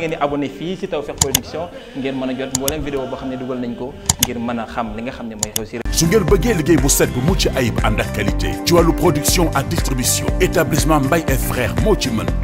ngeen di abonné fii ci Tawfekh Production ngeen mën a jot mboolem vidéo boo xam ne dugal nañ ko ngir mën a xam li nga xam ne mooy si ci su ngeen bëggee liggéey bu set bu mucc ay ànd ak qualité ci wàllu production ak distribution établissement Mbaye et frères moo ci mën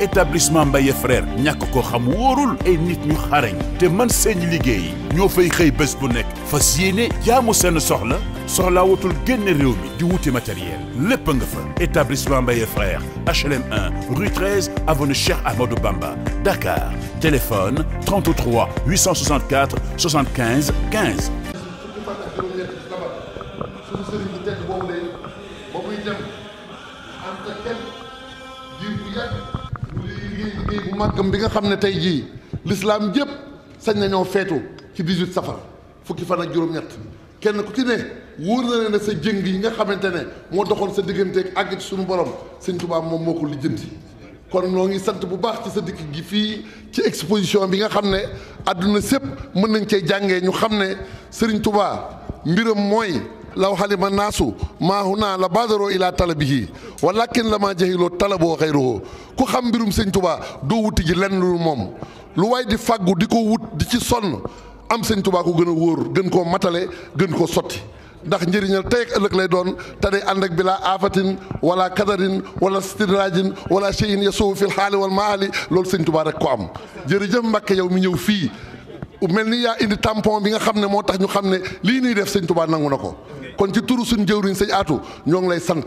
établissement Mbaye frère ñàkk ko xam wóorul ay nit ñu xarañ te man seen liggéey ñoo fay xëy bés bu nekk fa yéene jaamu seen soxla soxlaa wutul génne réew mi di wuti matériel lépp nga fa établissement Mbaye frère HLM 1 rue 13 avenue Bamba Dakar téléphone 33 864 75 15. dem en tant que diir yàgg liggéey liggéey bu màggam bi nga xam ne tey jii lislaam jëpp sañ nañoo feetu ci 18 safar fukki fan ak juróom-ñett kenn ku ci ne wóor na ne sa jëng yi nga xamante ne moo doxoon sa diggante àgg ci suñu borom sëñ Tuubaa moom moo ko lijjanti kon noo ngi sant bu baax ci sa dikk gi fii ci exposition bi nga xam ne àdduna sépp mën nañ cee jàngee ñu xam ne sëriñ Tuubaa mbiram mooy law xalima naasu maahu naa la baadaroo ilaa talabihi walakin la maa jahiloo talaboo xayruhu ku xam mbirum sëñ tubaa doo wuti ji lenn lu moom lu waay di fàggu di ko wut di ci sonn am sëñ tubaa ko gën a wóor gën koo matale gën koo sotti ndax njëriñal tey ëllëg lay doon te day ànd ak bila aafatin wala kadarin wala stidrajin wala cheyin yasuhu fil xaali wal maali loolu sëñ tubaa rek ko am jërëjëf Mbàkke yow mi ñëw fii mel ni yaa indi tampon bi nga xam ne moo tax ñu xam ne lii ñuy def sëñ tubaa nangu ko kon ci turu suñ jëwriñ sëñ aatu ñoo ngi lay sant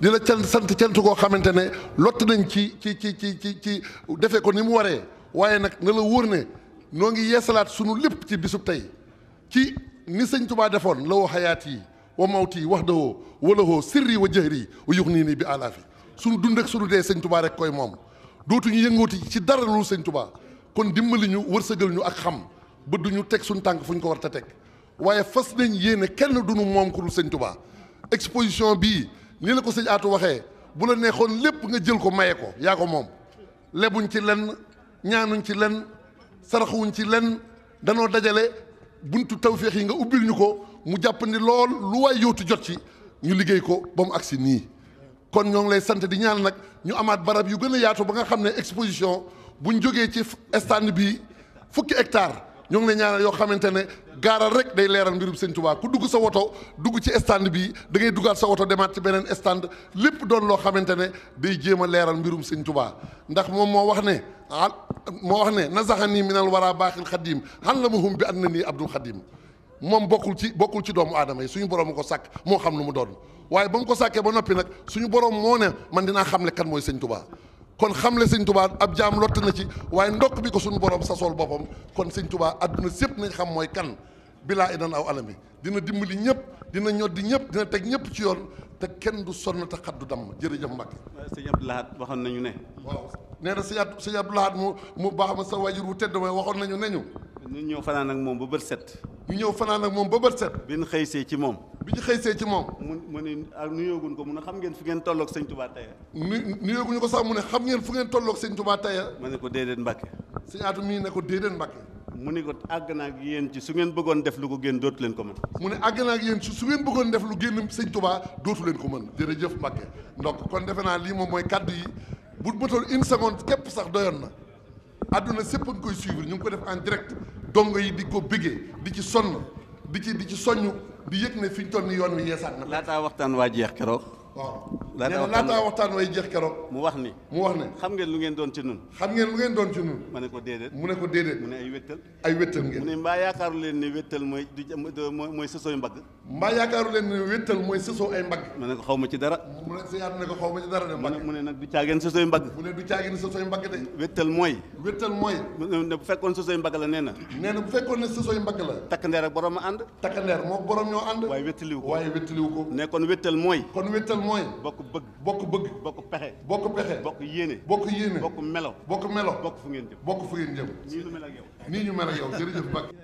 dina la cant sant cant koo xamante ne lott nañ ci ci ci ci ci ci defee ko ni mu waree waaye nag na la wóor ne noo ngi yeesalaat sunu lépp ci bisub tey ci ni sëñ Tubaa defoon la woo xayaat yi wa mawti yi wax dawoo walawoo sirri wa jëhri wa yux nii nii bi alaafi sunu dund ak sunu dee sëñ Tubaa rek koy moom dootuñu yëngooti ci dara lu sëñ Tubaa kon dimbali ñu wërsëgal ñu ak xam bët du ñu teg suñu tànk fu ñu ko war ta teg waaye fas nañ yéene kenn duñu moom ku dul bii nii la ko sëñ aatu waxee bu la neexoon lépp nga jël ko maye ko yaa ko moom lebuñ ci lenn ñaanuñ ci lenn saraxuwuñ ci lenn danoo dajale buntu tawféex yi nga ubbil ñu ko mu jàpp ni lool lu waaye yóotu jot ci ñu liggéey ko ba mu agsi nii kon ñoo ngi lay sant di ñaan nag ñu amaat barab yu gën a yaatu ba nga xam ne exposition bu ñu jógee ci stand bii fukki hectare ñoom ngi ñaar yoo xamante ne gaaral rek day leeral mbirum sëñ Tuubaa ku dugg sa woto dugg ci stand bi da ngay duggaat sa woto demaat ci beneen stand lépp doon loo xamante ne day jéem a leeral mbirum sëñ Tuubaa ndax moom moo wax ne ah moo wax ne na nasaxanii minal waraa baaxil xadiim allamahum bi annanii abdul xadiim moom bokkul ci bokkul ci doomu aadama yi suñu borom ko sàkk moo xam lu mu doon waaye ba mu ko sàkkee ba noppi nag suñu borom moo ne dinaa xamle kan mooy sëñ Tuubaa kon xam le sëñ tubaa ab jaam lott na ci waaye ndokk bi ko suñu boroom sa sasool boppam kon sëñ tubaa àdduna sépp nañ xam mooy kan bilaa idan aw alami dina li ñëpp dina ñoddi ñëpp dina teg ñëpp ci yoon te kenn du sonn te xaddu damm jërëjëf Mbacke. sëñ Abdou Lahad waxoon nañu ne. waaw nee na sëñ Abdou Lahad mu mu baax ma sa wajur wu tedd mooy waxoon nañu ne ñu. ñun ñëw fanaan ak moom ba bët set. ñu ñëw fanaan ak moom ba bët set. bi xëy xëysee ci moom. bi ñu xëysee ci moom. mu mu ne ah, ko mu ne xam ngeen fu ngeen tolloog sëñ Touba Taïra. nu ko sax mu ne xam ngeen fu ngeen tolloog sëñ Touba Taïra. ma ne ko déedéet Mbacke. sëñ Atou mii ne ko déedéet Mbacke. mu ne ko àgg naa ak yéen ci su ngeen bëggoon def lu ko génn dootu ko mën. mu ne àgg naa ak yéen ci su ngeen lu génn sëñ Touba dootu leen ko mën jërëjëf Mbacke donc kon defe naa lii moom mooy kaddu yi bu bëtoon une seconde képp sax doyoon na àdduna sépp nga koy suivre ñu ngi ko def en direct dongo yi di ko bëggee di ci sonn di ci di ci soññ bi yëg na fi ñu toll ni yoon wi yeesaat na. laataa waxtaan waa jeex keroog. laata laataa waxtaan way jeex keroog mu wax ni mu wax ne xam ngeen lu ngeen doon ci nun xam ngeen lu ngeen doon ci nun ma ne ko déedéet mu ne ko déedéet mu ne ay wéttal ay wéttal ngeen mu ne mooy du mooy sësooy mbagg mbaa yaakaaru leen ni wéttal mooy sësoo ay mbagg ma ne ko ma ci dara de nag du caageen sësooy mbagg mu ne du caageen sësooy mbagg de wéttal mooy wéttal mooy ne bu fekkoon sësooy mbagg la nee na nee na bu fekkoon ne sësooy mbagg la takk ak borom a ànd takk ndeer moo borom ñoo ànd waaye wéttaliwu ko waaye wéttaliwu ne kon wéttal mooy kon wéttal mooy bëgg bokk bëgg bokk pexe bokk pexe bokk yéene bokk yéene bokk melo bokk melo bokk fu ngeen jëm bokk fu ngeen jëm nii ñu mel ak yow nii ñu mel ak yow jërëjëf Mbacke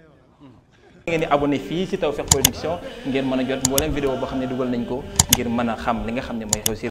ngeen di abonné fii ci Tawfekh Production ngeen mën a jot mboolem vidéo boo xam ne dugal nañ ko ngir mën a xam li nga xam ne mooy xew si